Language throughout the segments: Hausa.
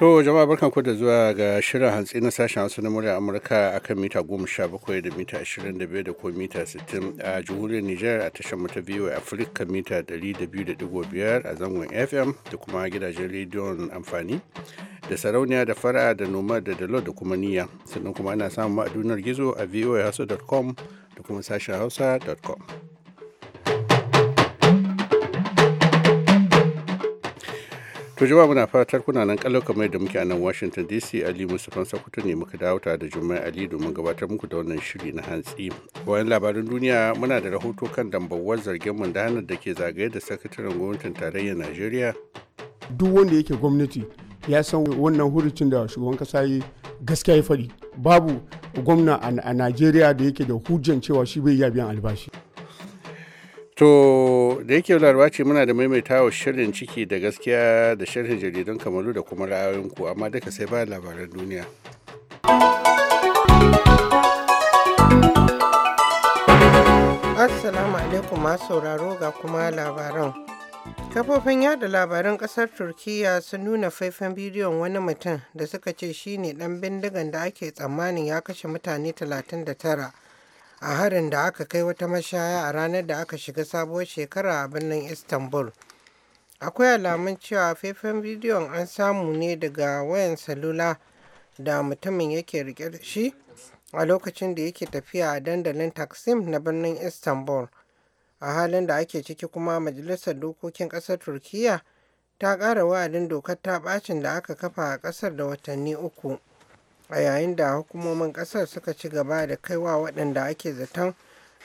To jama'a barkan ku da zuwa ga shirin hantsi na sashen Hausa na murya Amurka akan mita 17 da mita 25 da ko mita 60 a jamhuriyar Nijar a tashar mu ta a Afirka mita 200.5 a zangon FM da kuma gidajen rediyon amfani da sarauniya da fara da noma da dalo da kuma niyya sannan kuma ana samun ma'adunar gizo a voahausa.com da kuma sashen hausa.com. To jama'a muna fatar kuna nan kallon kamar da muke a nan Washington DC Ali Mustapha Sakutu ne muka dawo da Jummai Ali domin gabatar muku da wannan shiri na hantsi. Bayan labarin duniya muna da rahoto kan dambawar zargin mundanar da ke zagaye da sakataren gwamnatin tarayyar Najeriya. Duk wanda yake gwamnati ya san wannan hurucin da shugaban kasa yi gaskiya ya faɗi. Babu gwamna a Najeriya da yake da hujjan cewa shi bai iya biyan albashi. To da yake laraba ce muna da maimaitawa shirin ciki da gaskiya da shirin jaridun kamaru da kuma ra'ayoyinku amma duka sai ba labaran duniya. Assalamu alaikum masu sauraro ga kuma labaran. Kafofin yada labaran kasar Turkiyya sun nuna faifan bidiyon wani mutum da suka ce shi ne ɗan bindigan da ake tsammanin ya kashe mutane 39. a harin da aka kai wata mashaya a ranar da aka shiga sabuwar shekara a birnin istanbul akwai alamun cewa faifan bidiyon an samu ne daga wayan salula da mutumin yake rike shi a lokacin da yake tafiya a dandalin taksim na birnin istanbul a halin da ake ciki kuma majalisar dokokin ƙasar turkiyya ta ƙara wa'adin dokar ta ɓacin da aka kafa a ƙasar da watanni uku a yayin da hukumomin kasar suka ci gaba da kaiwa waɗanda ake zaton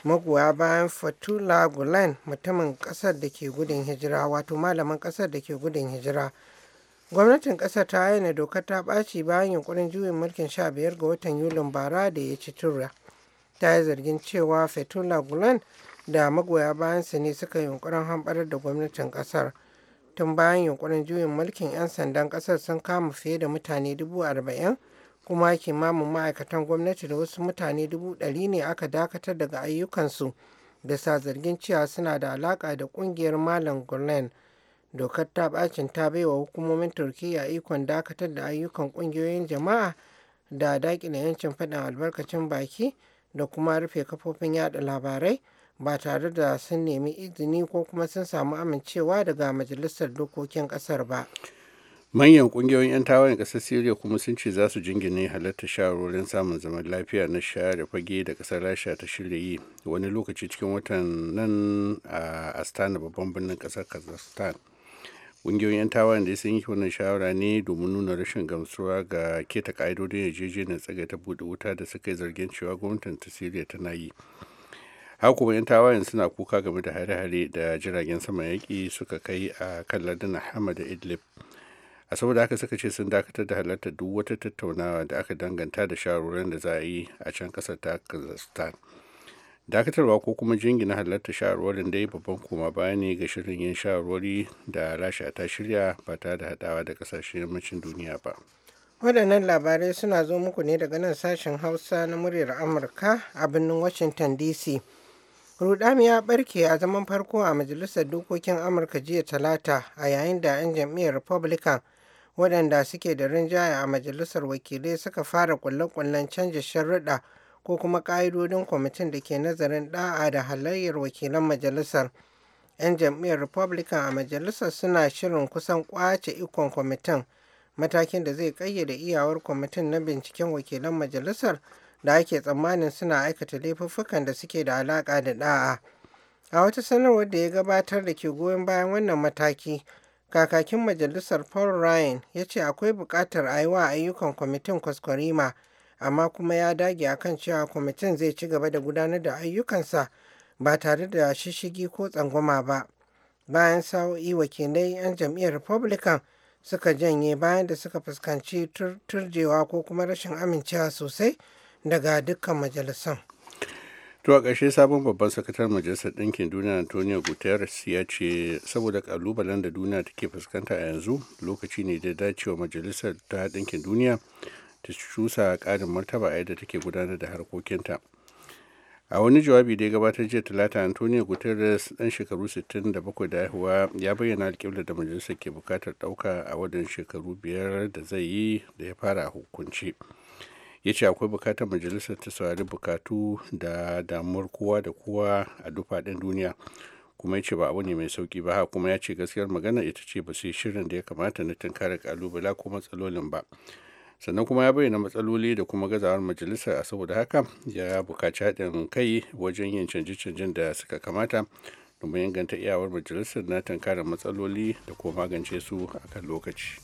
magoya bayan fatula gulen mutumin kasar da ke gudun hijira wato malamin kasar da ke gudun hijira gwamnatin kasar ta na dokar ta ɓaci bayan yunkurin juyin mulkin sha-biyar ga watan yulin bara da ya ci tura ta yi zargin cewa Fatula gulen da magoya bayansa ne suka yunkurin hamɓarar da gwamnatin kasar tun bayan yunkurin juyin mulkin 'yan sandan kasar sun kama fiye da mutane dubu arba'in kuma kimamin ma'aikatan gwamnati da wasu mutane dubu ɗari ne aka dakatar daga ayyukansu da sa zargin cewa suna da alaƙa da ƙungiyar malam gulen dokar ta ɓacin ta baiwa hukumomin turkiyya ikon dakatar da ayyukan ƙungiyoyin jama'a da daƙile yancin faɗin albarkacin baki da kuma rufe kafofin yada labarai ba tare da sun nemi izini ko kuma sun samu amincewa daga majalisar dokokin ƙasar ba manyan kungiyoyin 'yan tawayen kasar syria kuma sun ce za su jingine halatta shawarorin samun zaman lafiya na share fage da kasar rasha ta shirya yi wani lokaci cikin watan nan a astana babban birnin kasar kazakhstan kungiyoyin 'yan tawayen da sun yi wannan shawara ne domin nuna rashin gamsuwa ga keta ka'idodin yarjejeniyar tsaga ta buɗe wuta da suka yi zargin cewa gwamnatin ta syria tana yi haka 'yan tawayen suna kuka game da hare-hare da jiragen sama yaƙi suka kai a kan ladunan hamada idlib a saboda haka suka ce sun dakatar da halartar duk wata tattaunawa da aka danganta da shawarwarin da za a yi a can kasar ta kazakhstan dakatarwa ko kuma jingina halartar shawarwarin dai babban koma baya ne ga shirin yin shawarwari da rasha ta shirya ba ta da haɗawa da kasashen yammacin duniya ba waɗannan labarai suna zo muku ne daga nan sashen hausa na muryar amurka a birnin washington dc rudami ya barke a zaman farko a majalisar dokokin amurka jiya talata a yayin da 'yan jam'iyyar republican waɗanda suke da rinjaya a majalisar wakilai suka fara ƙulle-ƙullen canja sharuɗa ko kuma ƙa'idodin kwamitin da ke nazarin ɗa'a da halayyar wakilan majalisar 'yan jam'iyyar republican a majalisar suna shirin kusan ƙwace ikon kwamitin matakin da zai ƙayyade iyawar kwamitin na binciken wakilan majalisar da ake tsammanin suna aikata laifuffukan da suke da alaƙa da ɗa'a a wata sanarwar da ya gabatar da ke goyon bayan wannan mataki kakakin majalisar paul ryan ya ce akwai buƙatar a yi wa ayyukan kwamitin kwaskwarima amma kuma ya dage akan cewa kwamitin zai ci gaba da gudanar da ayyukansa ba tare da shishigi ko tsangwama ba bayan sa'o'i wakilai 'yan jam'iyyar republican suka janye bayan da suka fuskanci turjewa ko kuma rashin amincewa sosai daga dukkan majalisan. to a ƙarshe sabon babban sakataren majalisar ɗinkin duniya antonio guterres ya ce saboda ƙalubalen da duniya take fuskanta a yanzu lokaci ne da dacewa majalisar ta ɗinkin duniya ta cusa ƙarin martaba a yadda take gudanar da harkokinta a wani jawabi da ya gabatar jiya talata antonio guterres ɗan shekaru 67 da haihuwa ya bayyana alƙibla da majalisar ke buƙatar ɗauka a wadannan shekaru biyar da zai yi da ya fara a hukunci. ya ce akwai bukatar majalisar ta saurari bukatu da damuwar kowa da kowa a duk faɗin duniya kuma ya ce ba abu ne mai sauki ba kuma ya ce gaskiyar magana ita ce ba sai shirin da ya kamata na tunkarar kalubala ko matsalolin ba sannan kuma ya bayyana matsaloli da kuma gazawar majalisa a saboda haka ya bukaci haɗin kai wajen yin canje-canjen da suka kamata domin inganta iyawar majalisar na tunkarar matsaloli da kuma magance su a kan lokaci.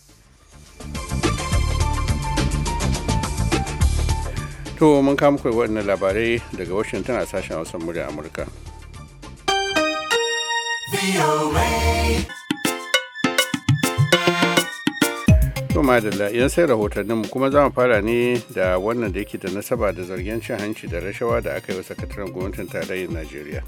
to mun kama kai waɗannan labarai daga washington a sashen hausa murya amurka To da yan sai rahotannin mu kuma za mu fara ne da wannan da yake da nasaba da zargin cin hanci da rashawa da aka yi wa sakataren gwamnatin tarayyar Najeriya.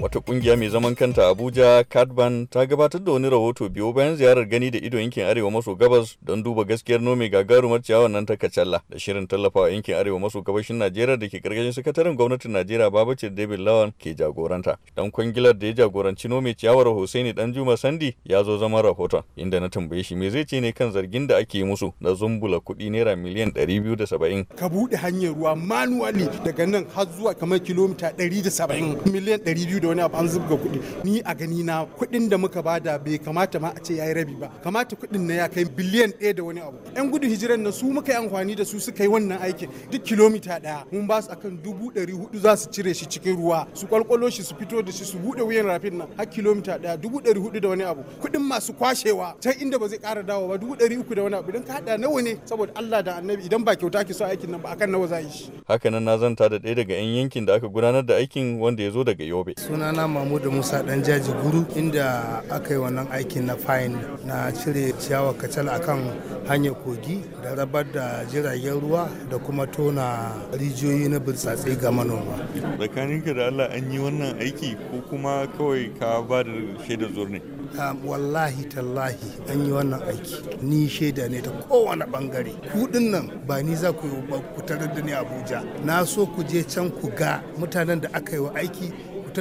wata kungiya mai zaman kanta abuja kadban ta gabatar da wani rahoto biyo bayan ziyarar gani da ido yankin arewa maso gabas don duba gaskiyar nome gagarumar ciyawar nan ta kacalla da shirin tallafawa yankin arewa maso gabashin najeriya da ke karkashin sakataren gwamnatin najeriya babacir david lawan ke jagoranta dan kwangilar da ya jagoranci nome ciyawar hussaini dan juma sandi ya zo zaman rahoton inda na tambaye shi me zai ce ne kan zargin da ake musu na zumbula kuɗi naira miliyan biyu da saba'in. ka buɗe hanyar ruwa manuwali daga nan har zuwa kamar kilomita saba'in miliyan ɗari 200 da wani abu an zubga kuɗi ni a gani na kuɗin da muka bada bai kamata ma a ce yayi rabi ba kamata kuɗin na ya kai biliyan ɗaya da wani abu yan gudun hijiran na su muka yi amfani da su suka yi wannan aikin duk kilomita ɗaya mun ba su akan dubu ɗari hudu za su cire shi cikin ruwa su kwalkwalo shi su fito da shi su buɗe wuyan rafin na har kilomita ɗaya dubu ɗari hudu da wani abu kuɗin masu kwashewa can inda ba zai ƙara dawo ba dubu ɗari uku da wani abu idan ka haɗa nawa ne saboda Allah da annabi idan ba kyauta ke so aikin nan ba akan nawa za yi shi. Hakanan na zanta da ɗaya daga 'yan yankin da aka gudanar da aikin wanda ya zo daga Yobe. sunana da musa dan jaji guru inda aka yi wannan aikin na fayin na cire ciyawa kacal a kan hanyar kogi da rabar da jiragen ruwa da kuma tona rijiyoyi na burtsatse ga manoma tsakaninka da allah an yi wannan aiki ko kuma kawai ka ba da shaidar zuwa ne ah, wallahi tallahi an yi wannan aiki ni shaida ne ta kowane bangare kudin nan ba ni za ku yi ku tarar da ni abuja na so ku je can ku ga mutanen da aka yi wa aiki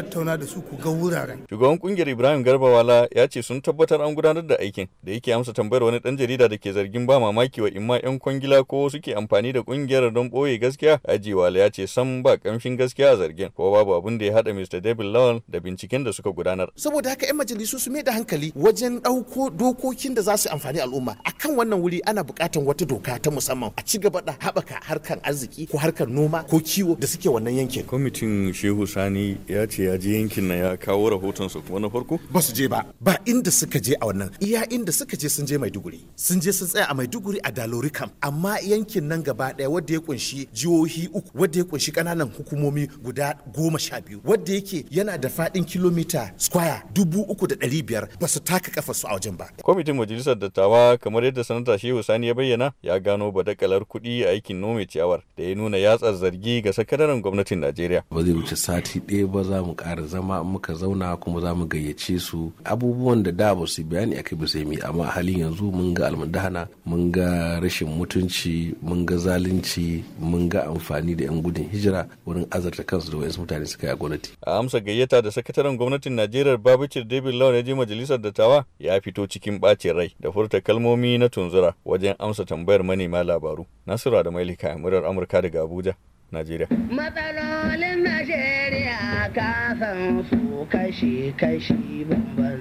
tattauna da su ku ga wuraren. Shugaban kungiyar Ibrahim garba wala ya ce sun tabbatar an gudanar da aikin da yake amsa tambayar wani dan jarida da ke zargin ba mamaki wa imma 'yan kwangila ko suke amfani da kungiyar don boye gaskiya ajiwala ya ce sam ba kamshin gaskiya a zargin ko babu abin da ya hada Mr. David Lawal da binciken da suka gudanar. Saboda haka 'yan majalisu su mai da hankali wajen ɗauko dokokin da za su amfani al'umma a kan wannan wuri ana buƙatar wata doka ta musamman a ci gaba da haɓaka harkar arziki ko harkar noma ko kiwo da suke wannan yankin. Kwamitin Shehu Sani ya ce ya je yankin na ya kawo rahoton su kuma na farko ba su je ba ba inda suka je a wannan iya inda suka je sun je maiduguri sun je sun tsaya a maiduguri a dalori kam amma yankin nan gaba daya wadda ya kunshi jihohi uku wadda ya kunshi kananan hukumomi guda goma sha biyu wadda yake yana da faɗin kilomita square dubu uku da dari biyar ba su taka kafa su a wajen ba kwamitin majalisar dattawa kamar yadda sanata shehu sani ya bayyana ya gano badakalar kuɗi a aikin nome ciyawar da ya nuna yatsar zargi ga sakataren gwamnatin najeriya ba zai wuce sati ɗaya ba za mu ƙara zama muka zauna kuma za mu gayyace su abubuwan da da ba su bayani a kai ba sai mu amma a halin yanzu mun ga almundahana mun ga rashin mutunci mun ga zalunci mun ga amfani da 'yan gudun hijira wurin azarta kansu da wasu mutane suka yi a gwamnati. a amsa gayyata da sakataren gwamnatin najeriya babacir david lawan ya je majalisar dattawa ya fito cikin bacin rai da furta kalmomi na tunzura wajen amsa tambayar manema labaru nasiru da mailika murar amurka daga abuja Najeriya. Matsalolin Najeriya kasan su kashi-kashi bambam.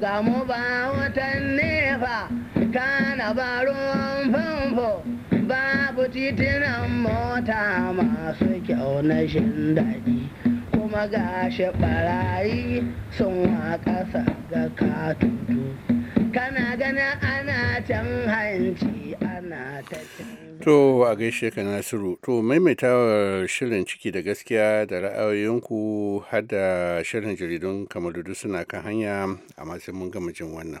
Ga mu ba watan nefa, kana ba ruwan famfo, babu titinan mota masu kyau na shin daji. Kuma gashi barayi sun wa ƙasa ga katutu. kana gana ana can hanci ana ta To a gaishe ka Nasiru, to maimaitawar shirin ciki da gaskiya da ra'ayoyinku har shirin jaridun kamar suna kan hanya a matsayin mun gama jin wannan.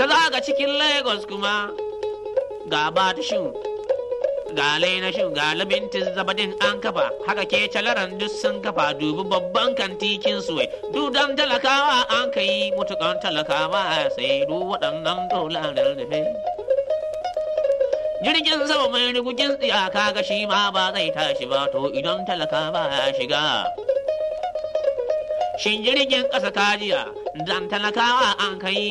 ka za ga cikin lagos kuma ga batishin ga lainashin ga labintin zabadin an kafa haka ke calaran duk sun kafa dubi babban kantikin suwai dudan talakawa an ka yi mutukan talakawa sai du waɗannan dolarar da jirgin sama mai rigugin tsiyaka ga shi ma ba zai tashi ba to idan talakawa ya shiga shin jirgin ƙasa kajiya dan talakawa an yi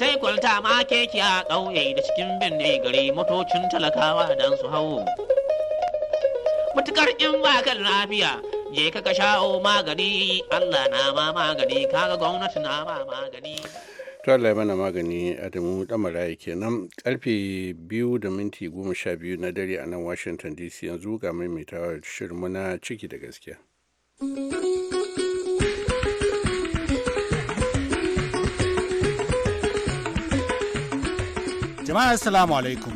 ta yi kwalta ma keke a ƙauye da cikin binne gari motocin talakawa don su hau mutukar in ba kan lafiya je ka ka sha'o magani allah na ma magani kaga gwamnati na ma magani Allah mana magani Adamu Damaraye kenan karfe biyu da minti goma sha biyu na dare a nan Washington DC yanzu ga maimaitawa shirmu muna ciki da gaskiya. Jama'a Assalamu alaikum.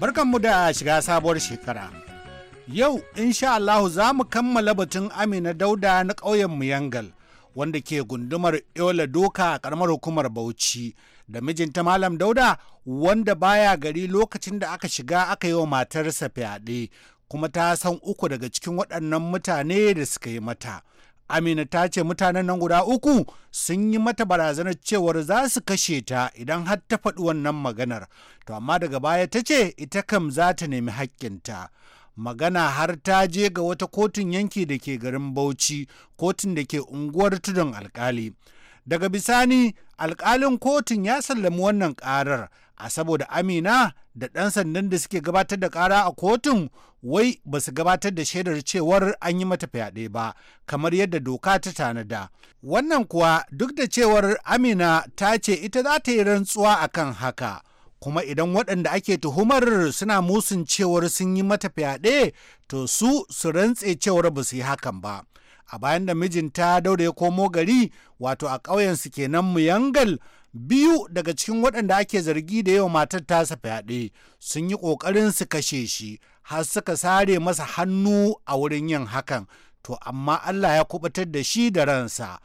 Barkanmu da shiga sabuwar shekara. Yau, insha Allahu za mu kammala batun Amina Dauda na ƙauyen yangal, wanda ke gundumar Yola Doka a ƙaramar hukumar Bauchi, da mijinta Malam Dauda wanda baya gari lokacin da aka shiga aka yi wa matarsa fyaɗe, kuma ta san uku daga cikin waɗannan mutane da suka yi mata. Amina ta ce mutanen nan guda uku sun yi mata barazanar cewar za su kashe ta idan har ta faɗi wannan maganar, to amma daga baya ta ce ita kam za ta nemi haƙƙinta. Magana har ta je ga wata kotun yanki da ke garin Bauchi, kotun da ke unguwar tudun alkali. Daga bisani, alkalin kotun ya sallami wannan ƙarar, a saboda Amina da ɗan sandan da suke gabatar da ƙara a kotun wai ba su gabatar da shaidar cewar an yi mata fyaɗe ba kamar yadda doka ta tanada wannan kuwa duk da cewar amina ta ce ita za ta yi rantsuwa a kan haka kuma idan waɗanda ake tuhumar suna musun cewar sun yi mata fyaɗe to su su rantse cewar ba su yi hakan ba a bayan da mijinta daure ya komo gari wato a ƙauyensu kenan muyangal biyu daga cikin waɗanda ake zargi da yawa matar tasa fyaɗe sun yi ƙoƙarin su kashe shi har suka sare masa hannu a wurin yin hakan to amma Allah ya kubutar da shi da ransa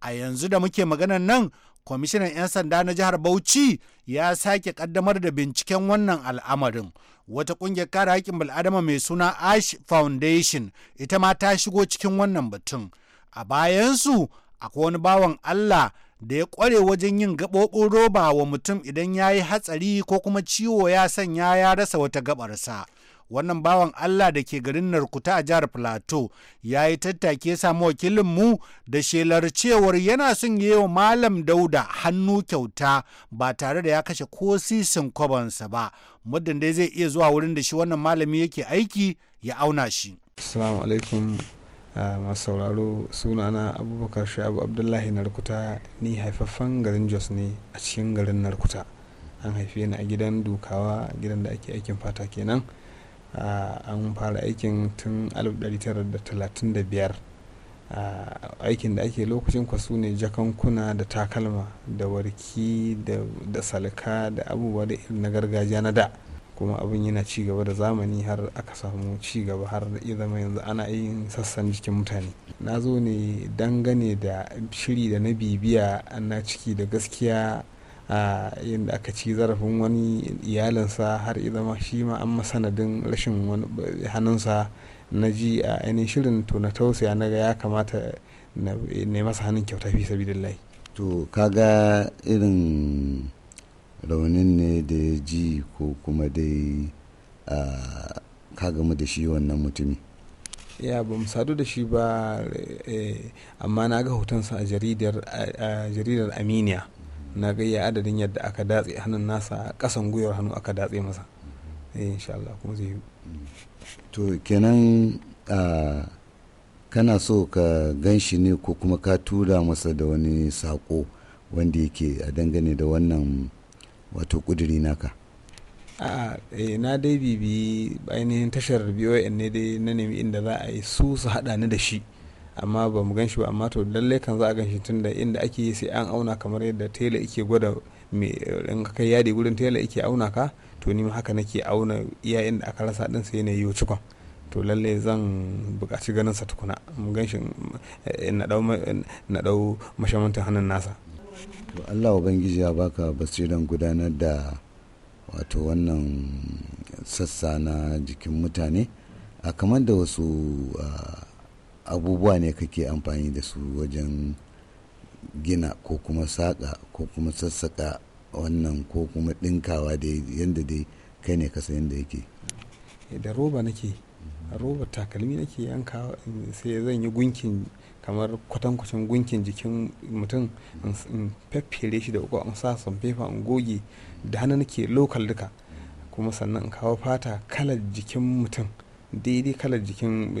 a yanzu da muke maganan nan kwamishinan 'yan sanda na jihar Bauchi ya sake kaddamar da binciken wannan al'amarin wata kungiyar kare haƙƙin bil'adama mai suna ash foundation ita ma ta shigo cikin wannan batun a bayansu akwai wani bawan allah da ya ƙware wajen yin gaɓoɓin roba wa mutum idan ya yi hatsari ko kuma ciwo ya sanya ya rasa wata gabarsa wannan bawan Allah da ke garin Narkuta a jihar Plateau ya yi tattake samu mu da shelar cewar yana son yi wa Malam Dauda hannu kyauta ba tare da ya kashe ko sisin kwabansa ba, muddin dai zai iya zuwa wurin da shi wannan malami yake aiki ya auna shi. Assalamu alaikum ah, masu sauraro sunana Abubakar Shabu Abdullahi Narkuta ni haifaffen garin Jos ne a cikin garin Narkuta. An haife ni a gidan dukawa gidan da ake aikin fata kenan. an fara aikin tun 1935 aikin da ake lokacin kwa su ne jakankuna da takalma da warki da salka da abubuwa da irin na gargajiya na da kuma abin yana ci gaba da zamani har aka samu ci gaba har ya zama yanzu ana yin sassan jikin mutane na zo ne dangane da shiri da na bibiya na ciki da gaskiya inda aka ci zarafin wani iyalinsa har zama shi ma an masanadin rashin wani hannunsa na ji a ainihin shirin tona na tausaya na ya kamata na masa hannun kyauta fi sabidillahi to kaga irin raunin ne da ya ji ko kuma dai ka mu da shi wannan mutumi ya ba sadu da shi ba eh, amma na ga hotonsa a jaridar aminiya na ga iya adadin yadda aka datse hannun nasa kasan gwiwar hannu aka datse masa eh, insha Allah kuma zai yi to kenan kana so ka gan shi ne ko kuma ka tura masa da wani sako wanda yake a dangane da wannan wato kuduri naka a'a eh, na dai bibi ainihin tashar biyo ne dai na nemi inda za a yi su su hada ni da shi amma ba mu gan ba amma to lallai kan za a ganshi shi tun da inda ake yi sai an auna kamar yadda tela ike gwada in ka kai yadi gurin tela ike auna ka to ni haka nake auna iya inda aka rasa din sai na yi cikon to lallai zan buƙaci ganin sa tukuna mu eh, na dau na dau mashamantan hannun nasa to Allah ubangiji ya baka basiran gudanar da wato wannan sassa na jikin mutane a kamar da wasu uh, abubuwa ne kake amfani da su wajen gina ko kuma saƙa ko kuma sassaƙa wannan ko kuma ɗinkawa da yadda dai kai ne kasa yadda yake eh, da roba nake roba takalmi nake yanka sai zan yi gunkin kamar kwatankwacin gunkin jikin mutum in feffere shi da uku in sa son fefa in goge da hana nake lokal duka kuma sannan in kawo fata kalar jikin mutum daidai kalar jikin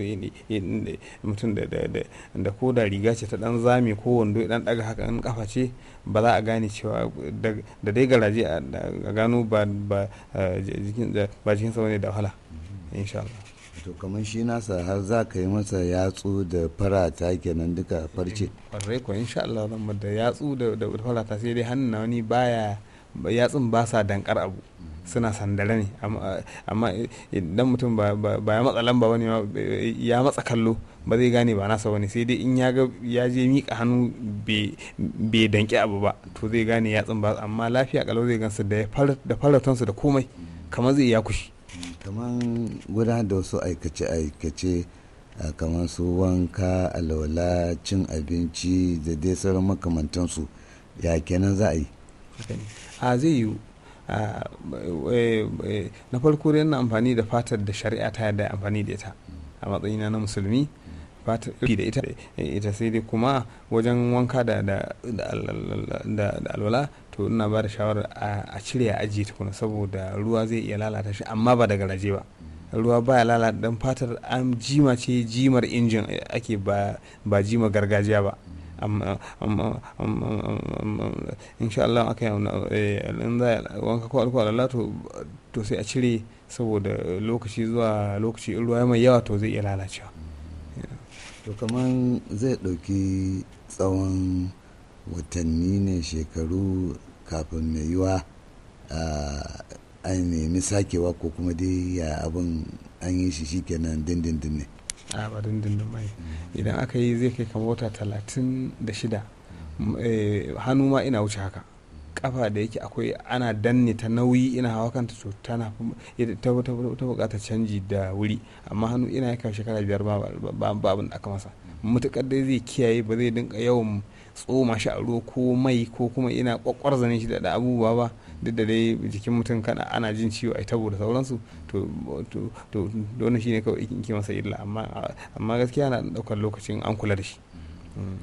mutum da ko da riga ce ta dan zame ko wando dan daga haka in kafa ce ba za a gane cewa da dai garaje a gano ba jikinsa bane da wahala insha Allah to kamar shi nasa har za ka yi masa yatsu da farata kenan duka farce kwarai ko insha Allah zan da yatsu da farata sai dai hannu na wani baya yatsun ba sa dankar abu suna sandare ne amma idan mutum ba ya matsa lamba wani ya matsa kallo ba zai gane ba nasa wani sai dai in ya ga ya je miƙa hannu bai danki abu ba to zai gane yatsun ba amma lafiya kalau zai gansu da faratonsu da komai kamar zai ya kushi kamar guda da wasu aikace-aikace kamar su wanka alwala cin abinci da dai sauran makamantansu ya kenan za a yi a zai yiwu eh, eh, na farko dai amfani da fatar da shari'a ta yadda amfani da ita a matsayina na musulmi fatar da ita ita sai dai kuma wajen wanka da alwala to ina ba da shawarar a cire a ajiye tukuna saboda ruwa zai iya lalata shi amma ba daga garaje ba ruwa baya lalata dan fatar an jima ce jimar injin ake ba jima gargajiya ba amma insha Allah aka yi eh, in za a wanka ko alko alala to sai a cire saboda lokaci zuwa lokaci in ruwa mai yawa to zai iya lalacewa to kamar zai ɗauki tsawon watanni ne shekaru kafin mai yiwa a nemi sakewa ko kuma dai ya abin an yi shi shikenan dindindin ne a ba dindindin mai idan aka yi zai kai kama wata talatin da shida eh, hannu ma ina wuce haka kafa da yake akwai ana danne ta nauyi ina hawa kanta so tana ta bukata canji da wuri amma hannu ina yaka shekara biyar ba abin da aka masa mutukar dai zai kiyaye ba zai dinka yawan tsoma shi a ruwa ko mai ko kuma ina kwakwar zane shi da abubuwa ba duk da dai jikin mutum kana ana jin ciwo a tabo da sauransu to to to wannan shine kawai ki masa illa amma amma gaskiya na daukar lokacin an kula da shi mm.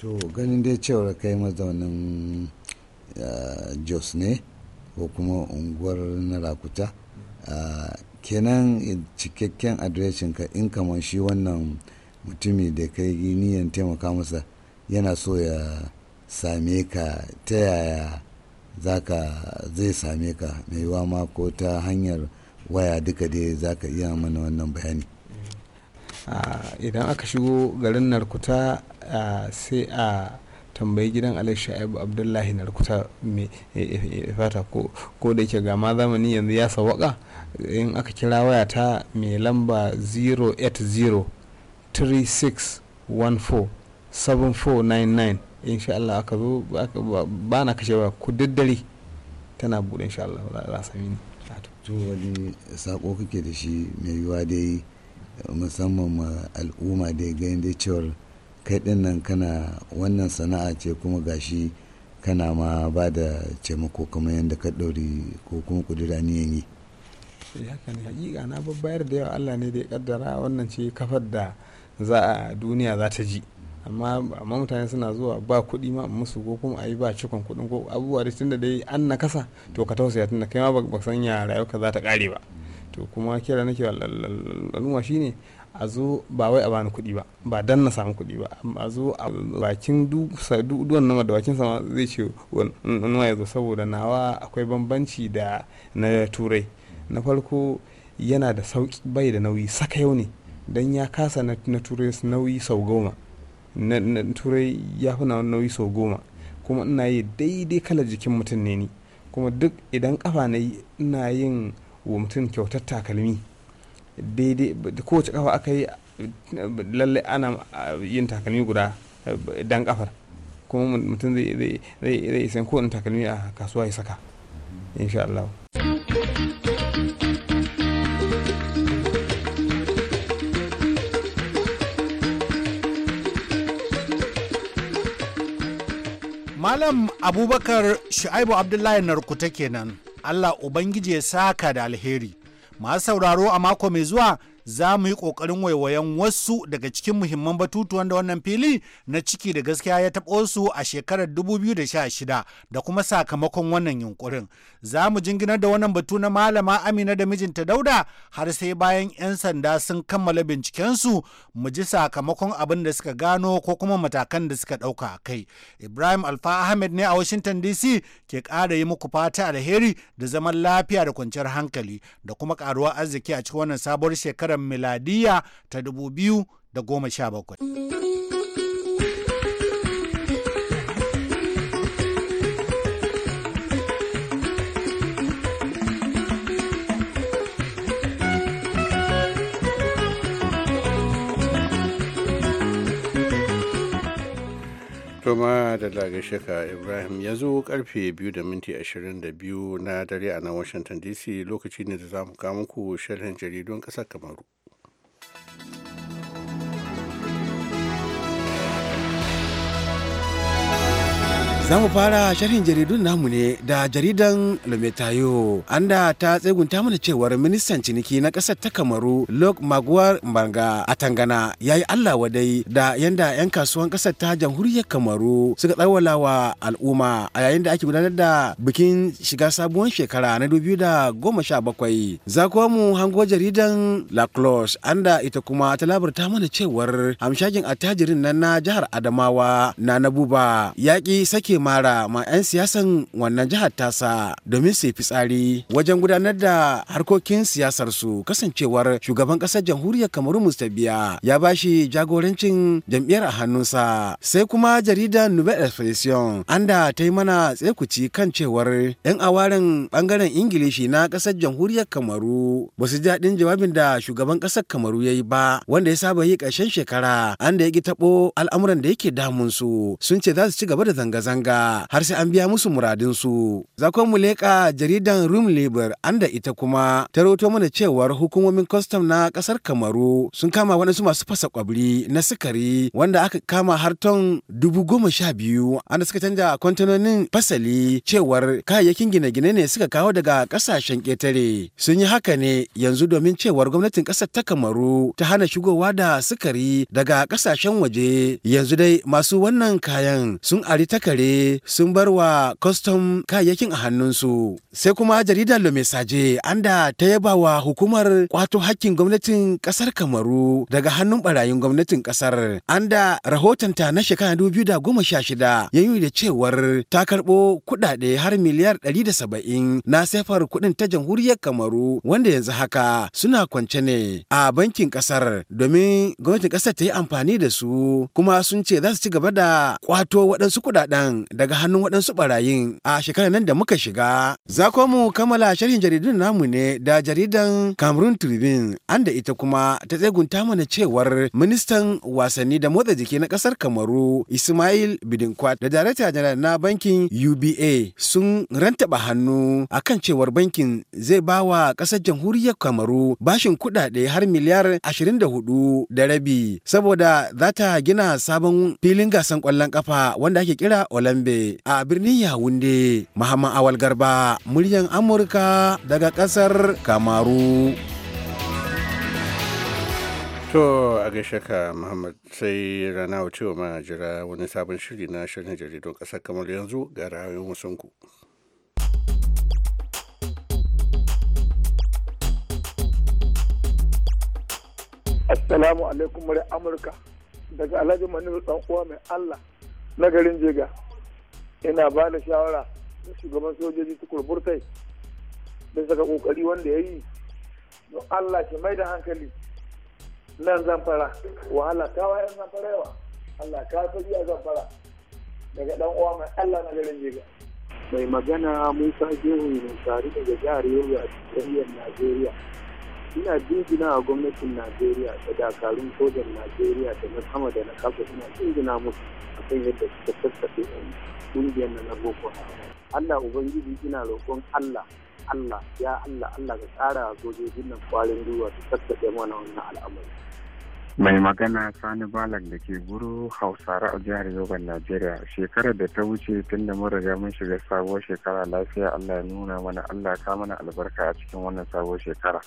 to ganin dai cewa kai mazaunin jos ne ko kuma unguwar na rakuta kenan cikakken adireshin ka in kamar shi wannan mutumi da kai niyan taimaka masa yana so ya same ka ta yaya zai same ka mai wa ma ko ta hanyar waya duka dai za ka iya mana wannan bayani idan aka shigo garin narkuta sai a tambayi gidan ali sha'ibu abdullahi narkuta mai eh, eh, eh, fata ko da yake gama zamani yanzu ya sawaka in aka kira waya ta mai lamba 080 3614 7499 insha Allah aka zo ba na kashe ba ku daddare tana buɗe insha Allah za a to wani sako kake da shi mai yiwa dai musamman ma al'umma da ga da cewar kai din nan kana wannan sana'a ce kuma gashi kana ma ba da taimako kamar yadda ka ɗauri ko kuma kudura niyan yi eh, haka ne hakika na babbayar da yawa Allah ne da ya kaddara wannan ce kafar da za a duniya za ta ji amma amma mutane suna zuwa ba kuɗi ma musu ko kuma a yi ba cikon kuɗin ko abubuwa da tunda dai an na kasa to ka tausaya tunda kai ma ba san ya rayuwarka za ta ƙare ba to kuma kira nake al'umma shine a zo ba wai a bani kuɗi ba ba dan na samu kuɗi ba a zo a bakin duwan nama da bakin sama zai ce wani ya zo saboda nawa akwai bambanci da na turai na farko yana da sauki bai da nauyi saka yau ne don ya kasa na turai nauyi sau goma na turai ya fi na nauyi sau goma kuma ina yi daidai kalar jikin mutum ne ni kuma duk idan kafa na yi ina yin wa mutum kyautar takalmi daidai kowace kafa aka yi lalle ana yin takalmi guda eh, dan kafar kuma mutum zai san kowane takalmi a kasuwa ya saka insha Allah. Malam Abubakar Shu'aibu Abdullahi Narkuta kenan. Allah Ubangiji ya saka da alheri. Masu sauraro a mako mai zuwa za mu yi ƙoƙarin waiwayen wasu daga cikin muhimman batutuwan da wannan fili na ciki da gaskiya ya taɓo su a shekarar 2016 da kuma sakamakon wannan yunkurin. Za mu jinginar da wannan batu na malama Amina da mijinta Dauda har sai bayan 'yan sanda sun kammala bincikensu mu ji sakamakon abin da suka gano ko kuma matakan da suka ɗauka a kai. Ibrahim Alfa Ahmed ne a Washington DC ke ƙara yi muku fata alheri da zaman lafiya da kwanciyar hankali da kuma ƙaruwar arziki a cikin wannan sabuwar shekarar shekarar miladiya ta 2017. Toma da lagashe ibrahim ya zo karfe biyu da minti ashirin da biyu na dare a nan Washington DC lokaci ne da za mu kawo muku sharhin jaridun ƙasar Kamaru. Za mu fara sharhin jaridun namu ne da jaridan Lumetayo. Anda ta tsegunta mana cewar ministan ciniki na ƙasar ta Kamaru Lok Maguwar Mbanga a Tangana ya yi Allah wadai da yanda 'yan kasuwan ƙasar ta jamhuriyar Kamaru suka tsawala wa al'umma a yayin da ake gudanar da bikin shiga sabuwar shekara na bakwai. Za kuwa mu hango jaridan La Cloche anda ita kuma ta labarta mana cewar hamshagin attajirin nan na jihar Adamawa na Nabuba yaƙi sake mara ma 'yan siyasan wannan jihar tasa domin su fitsari wajen gudanar da harkokin siyasar su kasancewar shugaban ƙasar jamhuriyar kamaru biya ya ba shi jagorancin jam'iyyar a hannunsa sai kuma jaridar nouvelle expression an da ta yi mana tsekuci kan cewar 'yan awaren bangaren ingilishi na ƙasar jamhuriyar kamaru ba su daɗin jawabin da shugaban ƙasar kamaru ya yi ba wanda ya saba yi ƙarshen shekara an da ya ki taɓo al'amuran da yake damun su sun ce za su ci gaba da zanga-zanga zanga har sai an biya musu muradinsu. Zakon mu leƙa jaridan Room Labour anda ita kuma ta roto mana cewar hukumomin kwastam na ƙasar Kamaru sun kama waɗansu masu fasa kwabri na sukari wanda aka kama har ton dubu goma sha biyu anda suka canja kwantanonin fasali cewar kayayyakin gine-gine ne suka kawo daga ƙasashen ƙetare. Sun yi haka ne yanzu domin cewar gwamnatin ƙasar ta Kamaru ta hana shigowa da sukari daga ƙasashen waje yanzu dai masu wannan kayan sun ari takare tsaye sun bar wa kwastam kayayyakin a hannunsu sai kuma jaridar lomesaje an da ta yaba wa hukumar kwato hakkin gwamnatin kasar kamaru daga hannun barayin gwamnatin kasar an da rahotonta na shekara dubu goma sha shida ya yi da cewar ta karɓo kuɗaɗe har miliyar ɗari da saba'in na sefar kuɗin ta jamhuriyar kamaru wanda yanzu haka suna kwance ne a bankin kasar domin gwamnatin kasar ta yi amfani da su kuma sun ce za su ci gaba da kwato waɗansu kuɗaɗen daga hannun waɗansu ɓarayin a shekarar nan da muka shiga. Za mu kammala sharhin jaridun namu ne da jaridan Cameroon Tribune an da ita kuma ta tsegunta mana cewar ministan wasanni da motsa jiki na ƙasar Kamaru Ismail Bidinkwat da darakta janar na bankin UBA sun rantaba hannu a kan cewar bankin zai ba wa ƙasar jamhuriyar Kamaru bashin kuɗaɗe har miliyar 24 da rabi saboda za ta gina sabon filin gasan ƙwallon ƙafa wanda ake kira Olympic. Lambe a birnin Yawunde Muhammad Awal Garba muryan Amurka daga kasar Kamaru. To a gaishe ka Muhammad sai rana wuce ma jira wani sabon shiri na shirin jaridun ƙasar kamar yanzu ga rayuwar musunku. Assalamu alaikum murai Amurka daga Alhaji Maniru dan uwa mai Allah na garin Jega ina ba da shawara na shugaban sojoji tukur burtai da saka kokari wanda ya yi don allah shi mai da hankali nan zamfara wahala kawai yan zamfara yawa allah ka fi a zamfara daga dan uwa mai allah na garin jiga mai magana musa shehu tare daga jihar yobe a tarayyar najeriya ina jingina a gwamnatin najeriya da dakarun sojan najeriya da na sama da na kasa ina jingina musu a kan yadda suka sassafe a ƙungiyar na na boko allah ubangiji ina roƙon allah allah ya allah allah ga tsara sojojin nan kwarin gwiwa su sassafe mana wannan al'amari mai magana sani balak da ke guru hausare a jihar yoban najeriya shekarar da ta wuce tun da mun riga mun shiga sabuwar shekara lafiya allah ya nuna mana allah ka mana albarka a cikin wannan sabuwar shekara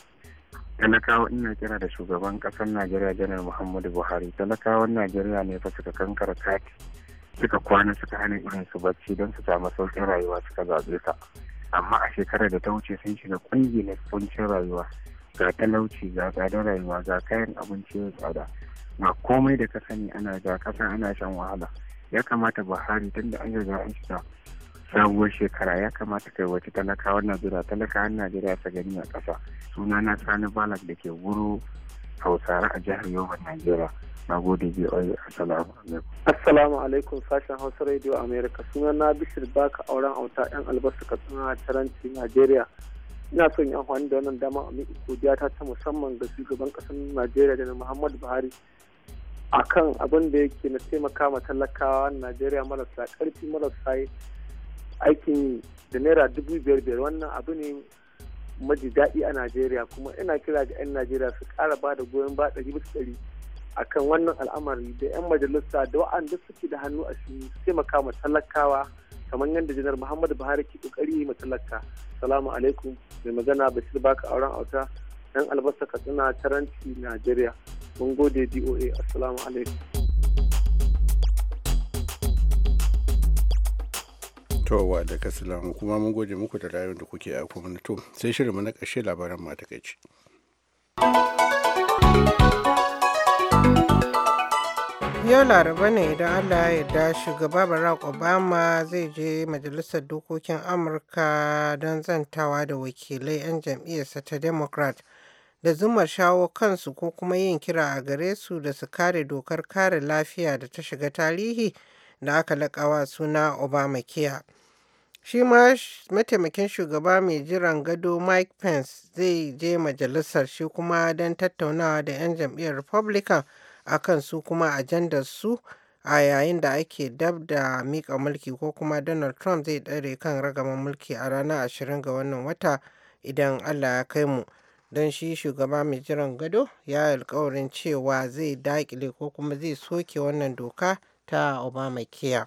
talakawa ina kira da shugaban kasar najeriya janar muhammadu buhari talakawan najeriya ne fa suka kankara kati suka kwana suka hana irin su bacci don su samu sauƙin rayuwa suka zaɓe ka amma a shekarar da ta wuce sun shiga ƙungiyar kuncin rayuwa ga talauci ga tsadar rayuwa ga kayan abinci ya tsada ga komai da ka sani ana ga ƙasa ana shan wahala ya kamata buhari tun da an riga an shiga sabuwar shekara ya kamata kai wata talakawan najeriya talakawan najeriya ta gani a kasa suna na sani balak da ke wuro hausare a jihar yobe najeriya na gode bi oyi assalamu alaikum assalamu alaikum sashen hausa radio america suna na bishir baka auren auta yan albasa katsina taranci najeriya ina son yan hannu da wannan dama a miƙa godiya ta ta musamman ga shugaban ƙasar najeriya da muhammadu buhari akan abin da yake na taimaka ma talakawa najeriya marasa ƙarfi marasa aikin da naira dubu biyar biyar wannan abu ne maji daɗi a najeriya kuma ina kira ga 'yan najeriya su ƙara ba da goyon ba ɗari bisa ɗari akan wannan al'amari da 'yan majalisa da wa'anda suke da hannu a shi taimaka ma talakawa kamar yadda janar muhammadu buhari ke yi ma talaka salamu alaikum mai magana bashir baka auren auta dan albasa katsina taranci najeriya mun gode doa assalamu alaikum towa da kasilan kuma mun gode muku da rayuwar da kuke a mana to sai shirinmu na ƙarshe labaran matakaici. yau laraba ne idan allah ya yarda shugaba barack obama zai je majalisar dokokin amurka don zantawa da wakilai 'yan jam'iyyarsa ta democrat da zuma shawo kansu ko kuma yin kira a gare su da su kare dokar kare lafiya da ta shiga tarihi da aka laƙawa suna Obamacare. Shi ma mataimakin shugaba mai jiran gado Mike Pence zai je majalisar shi kuma don tattaunawa da 'yan jam'iyyar Republican akan su kuma ajandar su a yayin da ake dab da mika mulki ko kuma Donald Trump zai ɗare kan ragaman mulki a ranar 20 ga wannan wata idan Allah ya kai mu. Don shi shugaba mai jiran gado ya alkawarin cewa zai dakile ko kuma zai soke wannan doka ta Obamacare.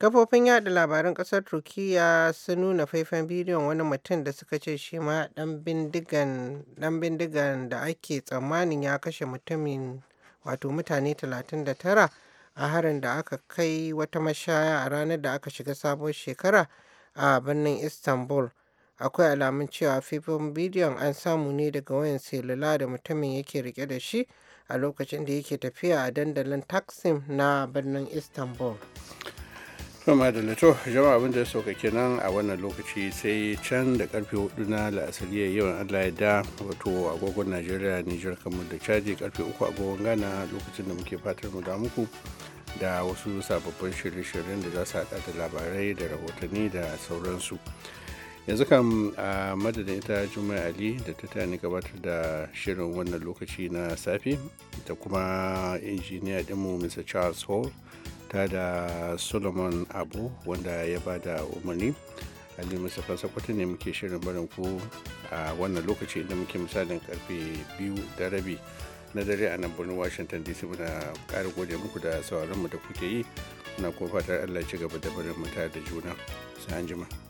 Kafofin yada labaran ƙasar Turkiyya sun nuna faifan bidiyon wani mutum da suka ce shi ma ɗan bindigan da ake tsammanin ya kashe mutumin wato mutane 39 a harin da aka kai wata mashaya a ranar da aka shiga sabon shekara a birnin Istanbul. Akwai alamun cewa faifan bidiyon an samu ne daga wayan selula da mutumin yake rike da shi a lokacin da yake tafiya a dandalin taksim na birnin istanbul kuma da lato jama'a abin da ya sauka kenan a wannan lokaci sai can da karfe hudu na la'asariya yawan allah ya da wato agogon najeriya nijar kamar da caji karfe uku agogon ghana lokacin da muke fatar mu da muku da wasu sababbin shirye-shiryen da za su hada da labarai da rahotanni da sauransu. yanzu kan a madadin ita juma'a ali da ta tani gabatar da shirin wannan lokaci na safe da kuma injiniya dinmu mr charles hall ta da solomon abu wanda ya ba da umarni ali mustapha sakwata ne muke shirin barin ku a wannan lokaci inda muke misalin karfe biyu da rabi na dare a nan birnin washington dc muna ƙara gode muku da sauranmu da kuke yi muna kuma fatar allah ci gaba da barin mu da juna sai an jima.